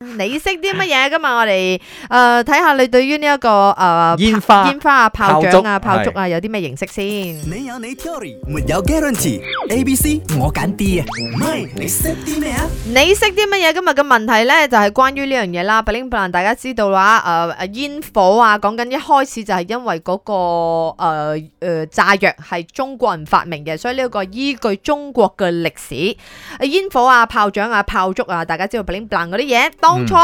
你識啲乜嘢噶嘛？我哋誒睇下你對於呢一個誒煙花、煙花啊、炮仗啊、炮竹啊，有啲咩形式先？你有你 theory，沒有 guarantee。A B C，我揀 D 啊！唔係，你識啲咩啊？你識啲乜嘢？今日嘅問題咧就係關於呢樣嘢啦。bling bling，大家知道啦啊！誒誒，煙火啊，講緊一開始就係因為嗰個誒誒炸藥係中國人發明嘅，所以呢一個依據中國嘅歷史，誒煙火啊、炮仗啊、炮竹啊，大家知道 bling bling 嗰啲嘢。當、嗯、初、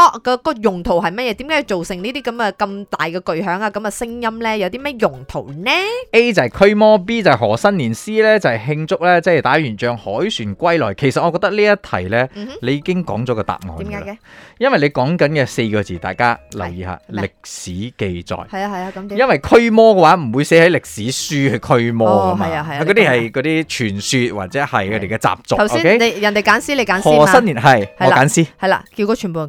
個用途係乜嘢？點解要造成呢啲咁啊咁大嘅巨響啊？咁嘅聲音咧有啲咩用途呢？A 就係驅魔，B 就係賀新年，C 咧就係慶祝咧，即係打完仗凱旋歸來。其實我覺得呢一題咧、嗯，你已經講咗個答案。點解嘅？因為你講緊嘅四個字，大家留意下歷史記載。係啊係啊，咁因為驅魔嘅話唔會寫喺歷史書去，驅魔係啊係啊，嗰啲係嗰啲傳說或者係佢哋嘅習俗。頭先、okay? 人哋揀 C，你揀賀新年係，我揀 C 係啦，叫個全部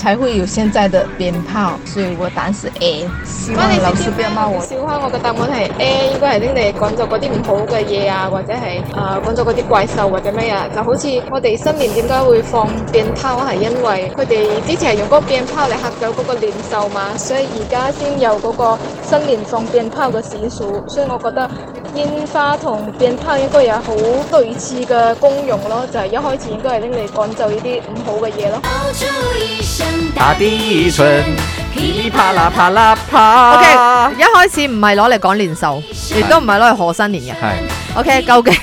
才會有現在的鞭炮，所以我答案是 A。希望你老師鞭炮我，我。笑翻我嘅答案係 A，應該係拎嚟講做嗰啲唔好嘅嘢啊，或者係啊、呃、講做嗰啲怪獸或者咩啊。就好似我哋新年點解會放鞭炮，係因為佢哋之前係用嗰個鞭炮嚟嚇走嗰個年獸嘛，所以而家先有嗰個新年放鞭炮嘅習俗。所以我覺得煙花同鞭炮應該有好對峙嘅功用咯，就係、是、一開始應該係拎嚟講做呢啲唔好嘅嘢咯。啪啦啪啦啪啦 OK，一開始唔係攞嚟講年獸，亦都唔係攞嚟賀新年嘅。係，OK，究竟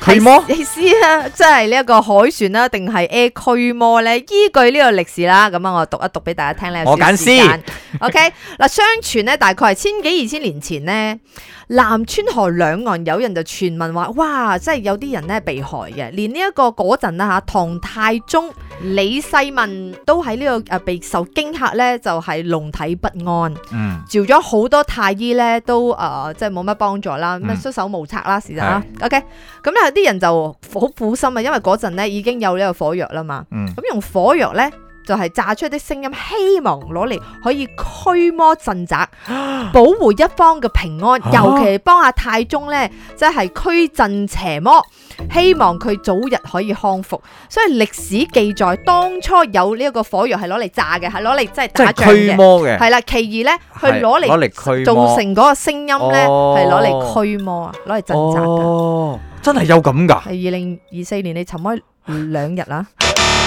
係乜意思啊？即係呢一個海船啦，定係驅魔咧？依據呢個歷史啦，咁啊，我讀一讀俾大家聽咧。我敢先。OK 嗱，相傳咧，大概係千幾二千年前呢，南川河兩岸有人就傳聞話，哇，即係有啲人咧被害嘅，連呢一個嗰陣啦吓，唐太宗。李世民都喺呢、這個誒、呃、備受驚嚇咧，就係、是、龍體不安，召咗好多太醫咧都誒、呃、即係冇乜幫助啦，咁乜束手無策啦，事實啦 OK 咁有啲人就好苦心啊，因為嗰陣咧已經有呢個火藥啦嘛，咁、嗯嗯、用火藥咧。就係、是、炸出啲聲音，希望攞嚟可以驅魔鎮宅，保護一方嘅平安，啊、尤其係幫阿太宗呢，即係驅鎮邪魔，希望佢早日可以康復。所以歷史記載，當初有呢一個火藥係攞嚟炸嘅，係攞嚟即係打仗。即係驅魔嘅。係啦，其二呢，去攞嚟做成嗰個聲音呢，係攞嚟驅魔啊，攞嚟鎮宅。哦，真係有咁噶。係二零二四年，你沉哀兩日啦。